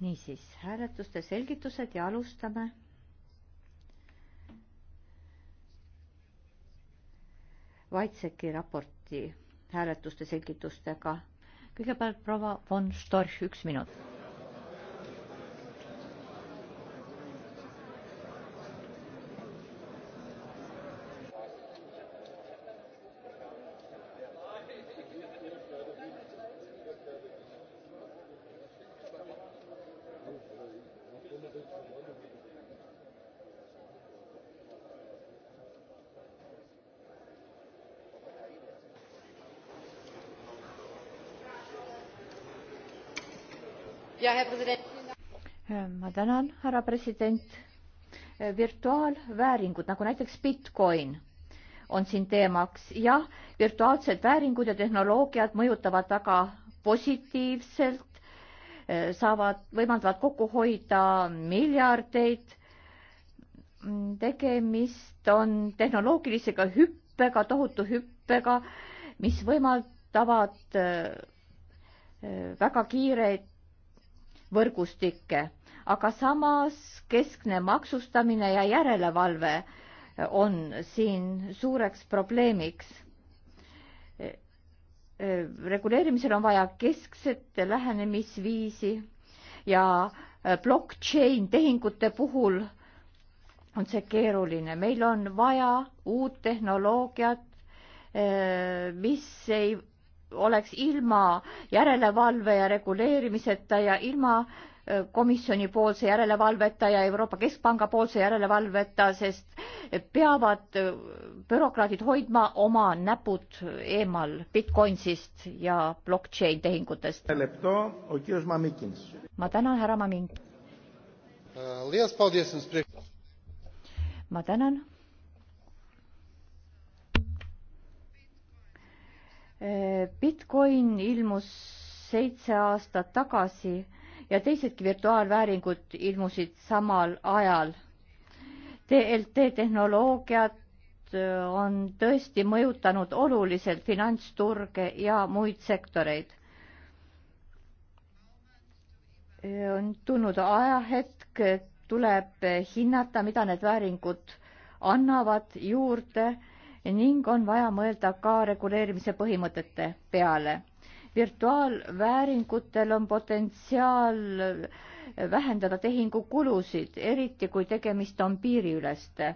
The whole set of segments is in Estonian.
niisiis, hääletuste selgitused ja alustame. Vaitseki raporti hääletuste selgitustega. kõigepealt proua von Storch, üks minut Äh, ma tänan, härra president. Äh, virtuaalvääringud nagu näiteks Bitcoin on siin teemaks. jah, virtuaalsed vääringud ja tehnoloogiad mõjutavad väga positiivselt, äh, saavad, võimaldavad kokku hoida miljardeid. tegemist on tehnoloogilisega hüppega, tohutu hüppega, mis võimaldavad väga kiireid võrgustikke, aga samas keskne maksustamine ja järelevalve on siin suureks probleemiks. reguleerimisel on vaja keskset lähenemisviisi ja blockchain tehingute puhul on see keeruline, meil on vaja uut tehnoloogiat, mis ei oleks ilma järelevalve ja reguleerimiseta ja ilma äh, komisjoni poolse järelevalveta ja Euroopa Keskpanga poolse järelevalveta, sest peavad äh, bürokraadid hoidma oma näpud eemal Bitcoinsist ja blockchain tehingutest. ma tänan, härra Mamink. Äh, ma tänan Bitcoin ilmus seitse aastat tagasi ja teisedki virtuaalvääringud ilmusid samal ajal. DLT tehnoloogiad äh, on tõesti mõjutanud oluliselt finantsturge ja muid sektoreid. Äh, on tulnud ajahetk, tuleb hinnata, mida need vääringud annavad juurde ning on vaja mõelda ka reguleerimise põhimõtete peale. virtuaalvääringutel on potentsiaal vähendada tehingukulusid, eriti kui tegemist on piiriüleste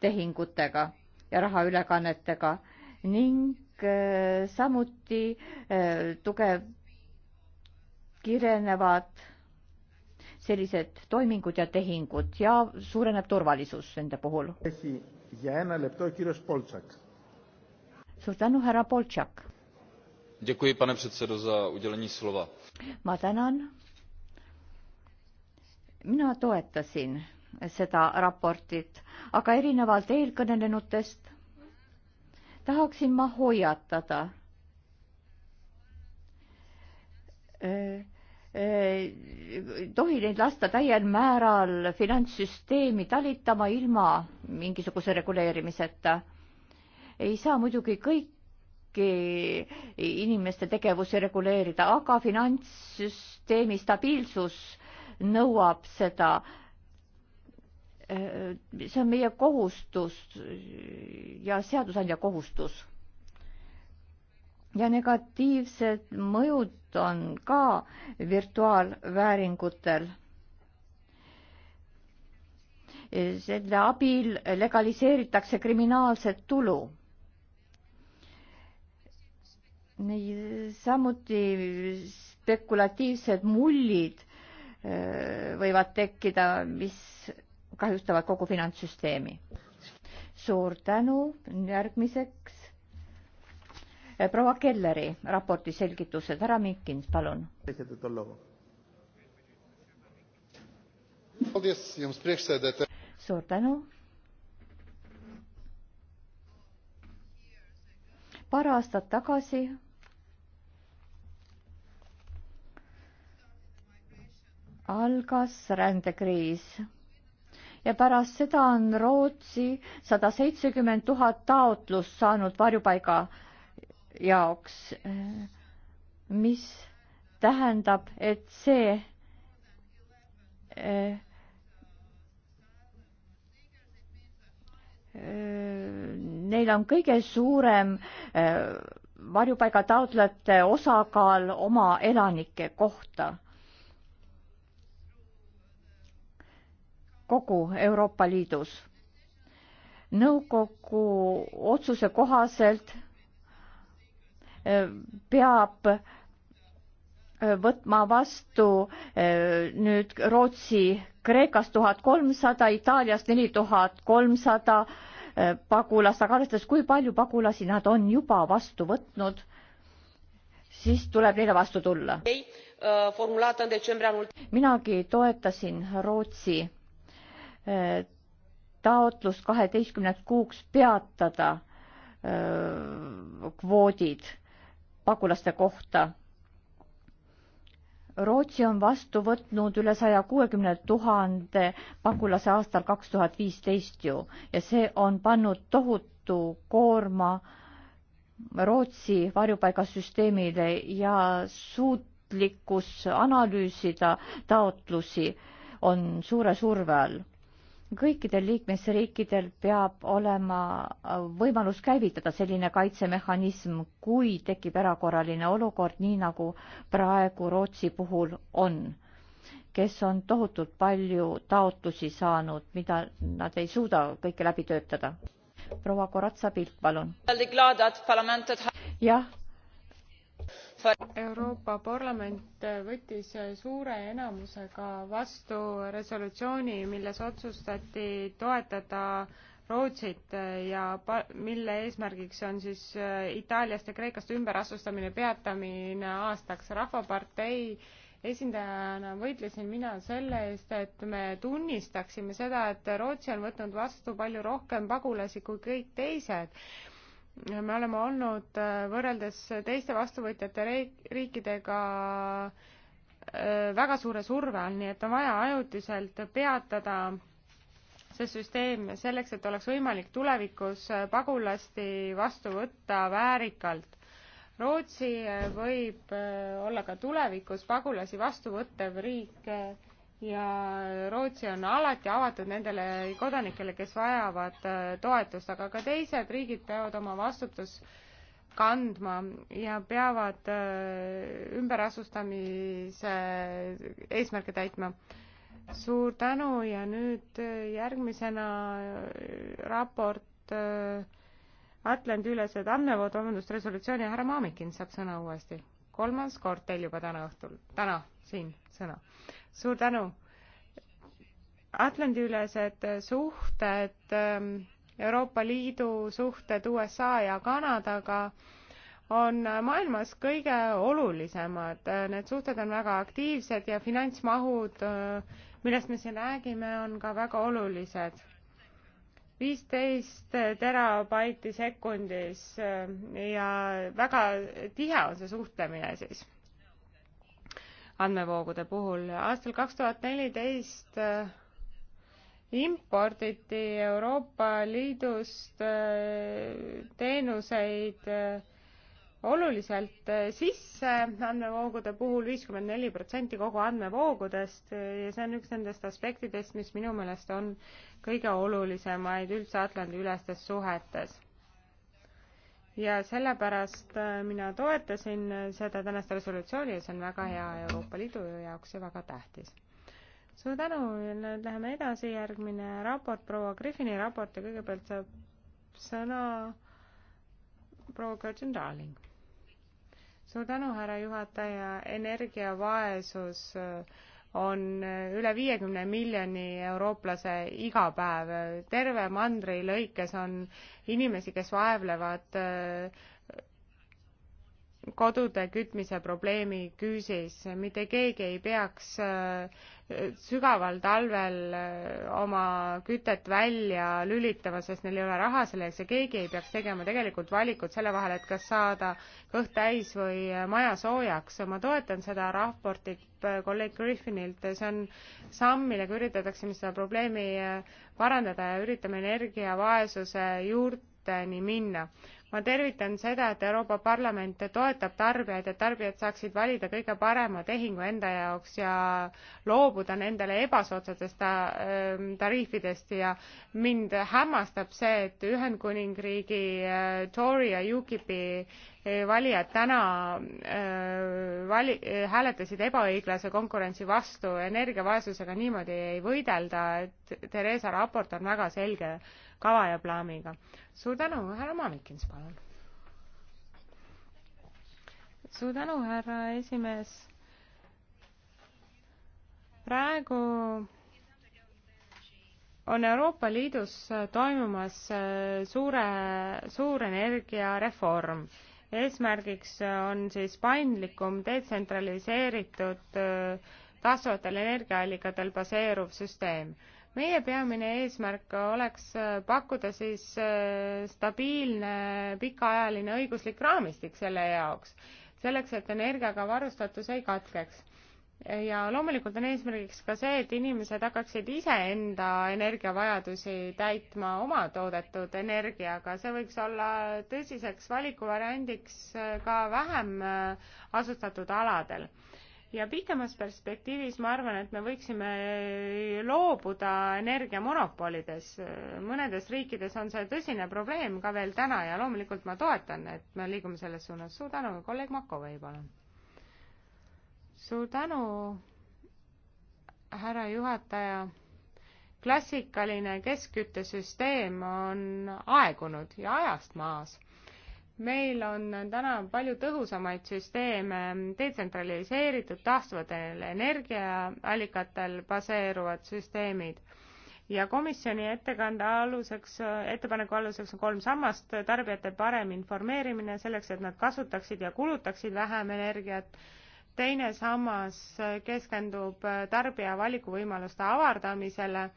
tehingutega ja rahaülekannetega ning äh, samuti äh, tugev kirenevad sellised toimingud ja tehingud ja suureneb turvalisus nende puhul. Για ένα λεπτό ο κύριος Πόλτσακ. Suur tänu, härra Poltšak. Děkuji, pane předsedo, za udělení slova. Ma tänan. Mina toetasin seda raportit, aga erinevalt eelkõnelenutest tahaksin ma hoiatada. Öö, ei tohi neid lasta täiel määral finantssüsteemi talitama ilma mingisuguse reguleerimiseta. ei saa muidugi kõiki inimeste tegevusi reguleerida, aga finantssüsteemi stabiilsus nõuab seda. Äh, see on meie kohustus ja seadusandja kohustus ja negatiivsed mõjud on ka virtuaalvääringutel. selle abil legaliseeritakse kriminaalset tulu. samuti spekulatiivsed mullid äh, võivad tekkida, mis kahjustavad kogu finantssüsteemi. suur tänu, järgmiseks Eh, proua Kelleri raporti selgitused, härra Mikins, palun. suur tänu. paar aastat tagasi algas rändekriis ja pärast seda on Rootsi sada seitsekümmend tuhat taotlust saanud varjupaiga jaoks, mis tähendab, et see neil on kõige suurem varjupaiga taotlejate osakaal oma elanike kohta kogu Euroopa Liidus. nõukogu otsuse kohaselt peab äh, võtma vastu äh, nüüd Rootsi Kreekas tuhat kolmsada, Itaalias neli tuhat kolmsada äh, pagulast, aga arvestades, kui palju pagulasi nad on juba vastu võtnud, siis tuleb neile vastu tulla. minagi toetasin Rootsi taotlust kaheteistkümneks kuuks peatada kvoodid pagulaste kohta. Rootsi on vastu võtnud üle saja kuuekümne tuhande pagulase aastal kaks tuhat viisteist ju ja see on pannud tohutu koorma Rootsi varjupaigasüsteemile ja suutlikkus analüüsida taotlusi on suure surve all kõikidel liikmesriikidel peab olema äh, võimalus käivitada selline kaitsemehhanism, kui tekib erakorraline olukord, nii nagu praegu Rootsi puhul on, kes on tohutult palju taotlusi saanud, mida nad ei suuda kõike läbi töötada. proua Koratsa-Pilt, palun. jah, Euroopa Parlament võttis suure enamusega vastu resolutsiooni, milles otsustati toetada Rootsit ja pa-, mille eesmärgiks on siis äh, Itaaliast ja Kreekast ümberasustamine peatamine aastaks. rahvapartei esindajana võitlesin mina selle eest, et me tunnistaksime seda, et Rootsi on võtnud vastu palju rohkem pagulasi kui kõik teised me oleme olnud äh, võrreldes teiste vastuvõtjate riikidega äh, väga suure surve all, nii et on vaja ajutiselt peatada see süsteem selleks, et oleks võimalik tulevikus äh, pagulasti vastu võtta väärikalt. Rootsi võib olla ka tulevikus pagulasi vastu võttev riik ja Rootsi on alati avatud nendele kodanikele, kes vajavad äh, toetust, aga ka teised riigid peavad oma vastutus kandma ja peavad äh, ümberasustamise eesmärke täitma. suur tänu ja nüüd äh, järgmisena raport Atlandi-ülesed andmevood, vabandust, resolutsioon ja härra Maamikin saab sõna uuesti. kolmas kord teil juba täna õhtul, täna siin sõna suur tänu. Atlandi-ülesed suhted, ähm, Euroopa Liidu suhted USA ja Kanadaga on maailmas kõige olulisemad. Need suhted on väga aktiivsed ja finantsmahud, äh, millest me siin räägime, on ka väga olulised. viisteist terabaiti sekundis äh, ja väga tihe on see suhtlemine siis andmevoogude puhul. aastal kaks tuhat neliteist äh, imporditi Euroopa Liidust äh, teenuseid äh, oluliselt sisse andmevoogude puhul viiskümmend neli protsenti kogu andmevoogudest ja see on üks nendest aspektidest, mis minu meelest on kõige olulisemaid üldse Atlandi-ülestes suhetes ja sellepärast äh, mina toetasin äh, seda tänast resolutsiooni ja see on väga hea Euroopa Liidu jaoks ja väga tähtis. suur tänu ja nüüd läheme edasi, järgmine raport, proua Griffini raport ja kõigepealt saab sõna proua Gertrude Darling. suur tänu, härra juhataja, energiavaesus äh, on eh, üle viiekümne miljoni eurooplase iga päev. terve mandri lõikes on inimesi, kes vaevlevad eh, kodude kütmise probleemi küüsis. mitte keegi ei peaks äh, sügaval talvel äh, oma kütet välja lülitama, sest neil ei ole raha selle jaoks ja keegi ei peaks tegema tegelikult valikut selle vahel, et kas saada kõht täis või äh, maja soojaks. ma toetan seda raportit kolleeg Griffinilt, see on samm, millega üritatakse seda probleemi parandada ja üritame energiavaesuse juurde ettevõteteni minna. ma tervitan seda, et Euroopa Parlament toetab tarbijaid, et tarbijad saaksid valida kõige parema tehingu enda jaoks ja loobuda nendele ebasoodsatest ähm, tariifidest ja mind hämmastab see, et Ühendkuningriigi äh, Tory ja UKIP-i äh, valijad täna äh, vali-, hääletasid ebaõiglase konkurentsi vastu, energiavaesusega niimoodi ei võidelda, et Theresa raport on väga selge kava ja plaaniga. suur tänu, härra Mamikins, palun. suur tänu, härra esimees. praegu on Euroopa Liidus toimumas äh, suure, suur energiareform. eesmärgiks on siis paindlikum, detsentraliseeritud äh, taastuvatel energiaallikatel baseeruv süsteem meie peamine eesmärk oleks äh, pakkuda siis äh, stabiilne pikaajaline õiguslik raamistik selle jaoks, selleks et energiaga varustatus ei katkeks. ja loomulikult on eesmärgiks ka see, et inimesed hakkaksid iseenda energiavajadusi täitma oma toodetud energiaga, see võiks olla tõsiseks valikuvariandiks äh, ka vähem asustatud aladel ja pikemas perspektiivis ma arvan, et me võiksime loobuda energiamonopolides. mõnedes riikides on see tõsine probleem ka veel täna ja loomulikult ma toetan, et me liigume selles suunas. suur tänu, kolleeg Makovei, palun. suur tänu, härra juhataja klassikaline keskküttesüsteem on aegunud ja ajast maas meil on täna palju tõhusamaid süsteeme, detsentraliseeritud taastuvatel energiaallikatel baseeruvad süsteemid ja komisjoni ettekande aluseks, ettepaneku aluseks on kolm sammast, tarbijate parem informeerimine selleks, et nad kasutaksid ja kulutaksid vähem energiat, teine sammas keskendub tarbija valikuvõimaluste avardamisele,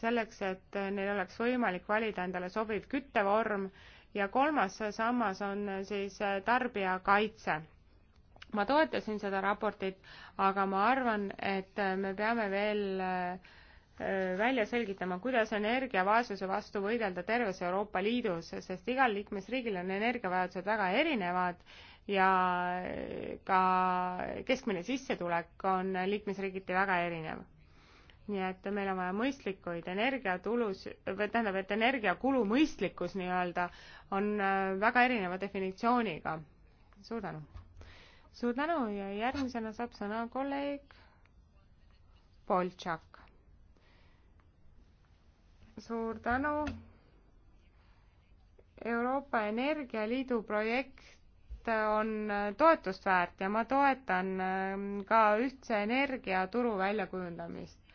selleks et neil oleks võimalik valida endale sobiv küttevorm ja kolmas sammas on äh, siis äh, tarbijakaitse ma toetasin seda raportit, aga ma arvan, et äh, me peame veel välja selgitama, kuidas energiavaesuse vastu võidelda terves Euroopa Liidus, sest igal liikmesriigil on energiavajadused väga erinevad ja ka keskmine sissetulek on liikmesriigiti väga erinev nii et meil on vaja mõistlikuid energiatulus, või tähendab, et energiakulu mõistlikkus nii-öelda on äh, väga erineva definitsiooniga. suur tänu! suur tänu ja järgmisena saab sõna kolleeg Boltšak. suur tänu! Euroopa Energialiidu projekt on äh, toetust väärt ja ma toetan äh, ka ühtse energiaturu väljakujundamist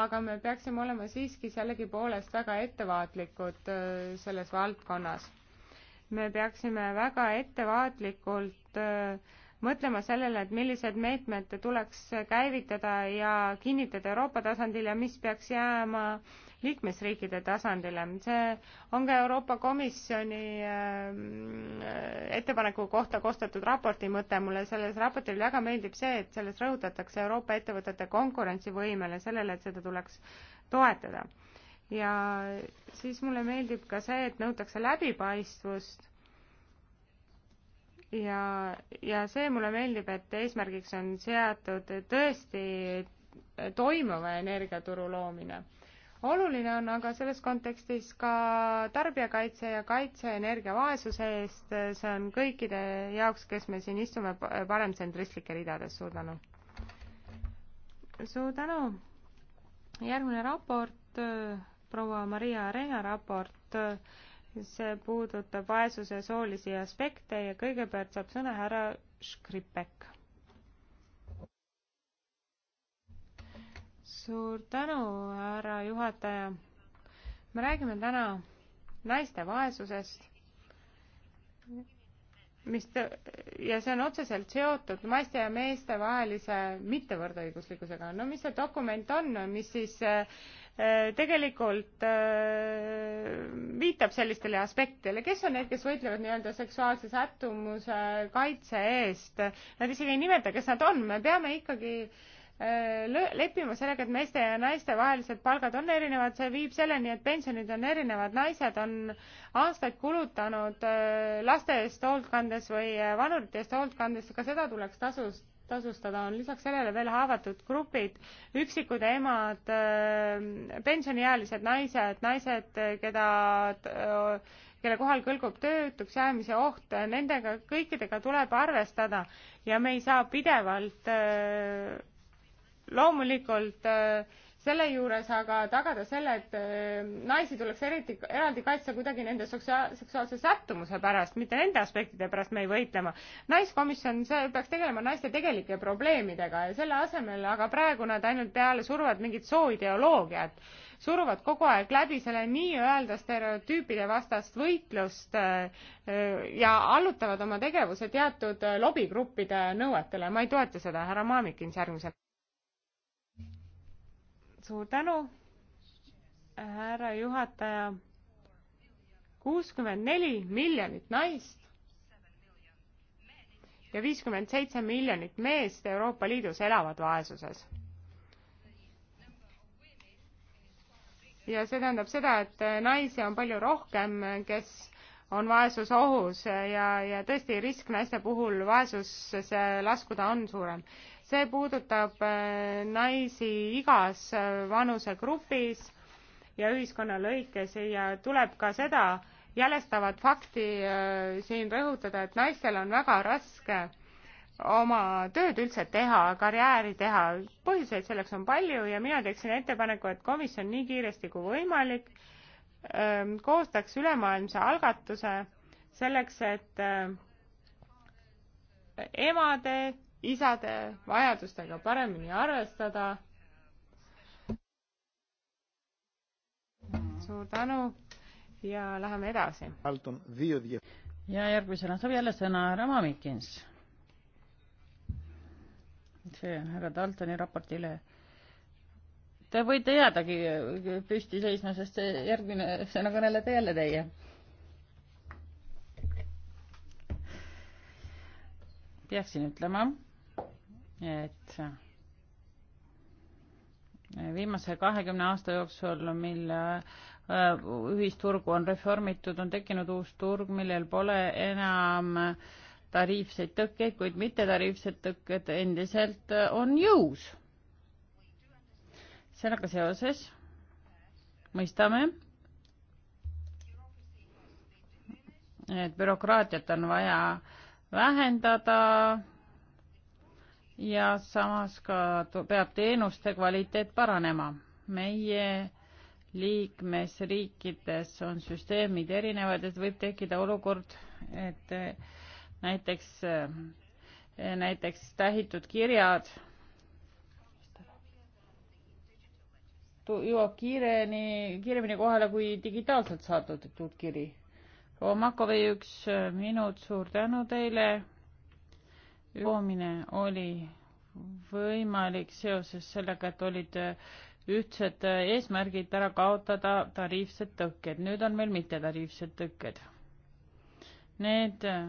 aga me peaksime olema siiski sellegipoolest väga ettevaatlikud äh, selles valdkonnas. me peaksime väga ettevaatlikult äh, mõtlema sellele, et millised meetmed tuleks käivitada ja kinnitada Euroopa tasandil ja mis peaks jääma liikmesriikide tasandile. see on ka Euroopa Komisjoni ähm, ettepaneku kohta koostatud raporti mõte. mulle selles raportil väga meeldib see, et selles rõhutatakse Euroopa ettevõtete konkurentsivõimele, sellele, et seda tuleks toetada. ja siis mulle meeldib ka see, et nõutakse läbipaistvust ja, ja see mulle meeldib, et eesmärgiks on seatud tõesti toimuva energiaturu loomine. oluline on aga selles kontekstis ka tarbijakaitse ja kaitse energiavaesuse eest, see on kõikide jaoks, kes me siin istume paremtsentristlike ridades, suur tänu! suur tänu! järgmine raport, proua Maria Arena raport, see puudutab vaesuse soolisi aspekte ja kõigepealt saab sõna härra Škripek. suur tänu, härra juhataja. me räägime täna naiste vaesusest mis ta, ja see on otseselt seotud naiste ja meeste vahelise mittevõrdõiguslikkusega. no mis see dokument on, mis siis äh, tegelikult äh, viitab sellistele aspektidele, kes on need, kes võitlevad nii-öelda seksuaalse sättumuse kaitse eest, nad isegi ei nimeta, kes nad on, me peame ikkagi äh, Äh, leppima sellega, et meeste ja naiste vahelised palgad on erinevad, see viib selleni, et pensionid on erinevad, naised on aastaid kulutanud äh, laste eest hoolt kandes või äh, vanurite eest hoolt kandes, ka seda tuleks tasust, tasustada, on lisaks sellele veel haavatud grupid, üksikud emad, pensioniealised naised, naised, keda kelle kohal kõlgub töötuks jäämise oht, nendega kõikidega tuleb arvestada ja me ei saa pidevalt öö, loomulikult äh, selle juures aga tagada selle, et äh, naisi tuleks eriti, eraldi kaitsta kuidagi nende sotsiaal, seksuaalse sättumuse pärast, mitte nende aspektide pärast me ei võitlema. naiskomisjon, see peaks tegelema naiste tegelike probleemidega ja selle asemel aga praegu nad ainult peale suruvad mingit sooideoloogiat, suruvad kogu aeg läbi selle nii-öelda stereotüüpide vastast võitlust äh, ja allutavad oma tegevuse teatud lobigruppide nõuetele. ma ei toeta seda, härra Maamikins järgmisena suur tänu, härra juhataja. kuuskümmend neli miljonit naist ja viiskümmend seitse miljonit meest Euroopa Liidus elavad vaesuses. ja see tähendab seda, et naisi on palju rohkem, kes on vaesusohus ja, ja tõesti risk naiste puhul vaesusesse laskuda on suurem see puudutab äh, naisi igas äh, vanusegrupis ja ühiskonna lõikes ja tuleb ka seda jälestavat fakti äh, siin rõhutada, et naistel on väga raske oma tööd üldse teha, karjääri teha, põhjuseid selleks on palju ja mina teeksin ettepaneku, et komisjon nii kiiresti kui võimalik ähm, koostaks ülemaailmse algatuse selleks, et emade isade vajadustega paremini arvestada. suur tänu ja läheme edasi. ja järgmisena saab jälle sõna härra Mamikins. see härra Daltoni raportile. Te võite jäädagi püsti seisma, sest see järgmine sõna kõnelete jälle teie. peaksin ütlema et viimase kahekümne aasta jooksul, mil äh, ühisturgu on reformitud, on tekkinud uus turg, millel pole enam tariifseid tõkkeid, kuid mittetariifsed tõkked endiselt äh, on jõus. sellega seoses mõistame, et bürokraatiat on vaja vähendada ja samas ka peab teenuste kvaliteet paranema. meie liikmesriikides on süsteemid erinevad, et võib tekkida olukord, et eh, näiteks, eh, näiteks tähitud kirjad jõuab kiireni, kiiremini kohale kui digitaalselt saadetud kiri. proua Makovei, üks eh, minut, suur tänu teile jõuamine oli võimalik seoses sellega, et olid äh, ühtsed äh, eesmärgid ära kaotada tariifsed tõkked, nüüd on meil mittetariifsed tõkked. Need äh,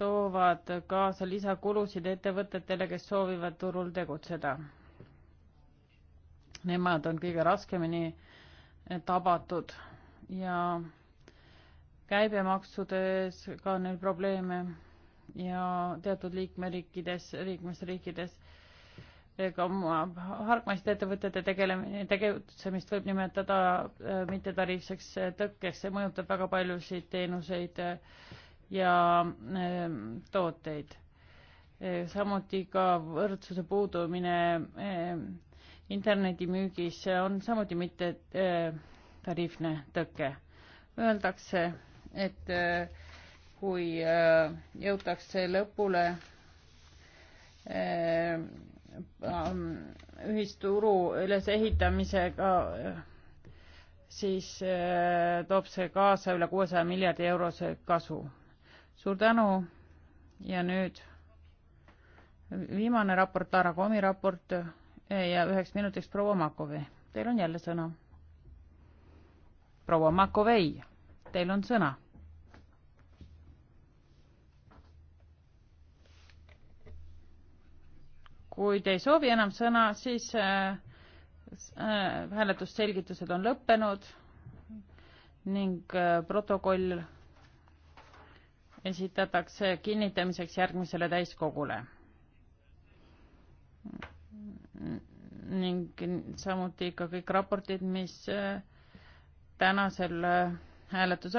toovad kaasa lisakulusid ettevõtetele, kes soovivad turul tegutseda. Nemad on kõige raskemini tabatud ja käibemaksudes ka on neil probleeme ja teatud liikmeriikides, liikmesriikides ka oma hargmaiste ettevõtete tegelemine, tegutsemist võib nimetada äh, mittetariifseks äh, tõkkeks, see mõjutab väga paljusid teenuseid äh, ja tooteid. samuti ka võrdsuse puudumine internetimüügis on samuti mittetariifne tõke. Öeldakse, et äh, kui äh, jõutakse lõpule äh, ühisturu ülesehitamisega, äh, siis toob see kaasa üle kuuesaja miljardi eurose kasu. suur tänu ja nüüd viimane raport, Lara Komi raport ja üheks minutiks proua Makovi. Teil on jälle sõna. proua Makovei, teil on sõna kui te ei soovi enam sõna, siis äh, äh, hääletusselgitused on lõppenud ning äh, protokoll esitatakse kinnitamiseks järgmisele täiskogule. ning samuti ka kõik raportid, mis äh, tänasel äh, hääletusel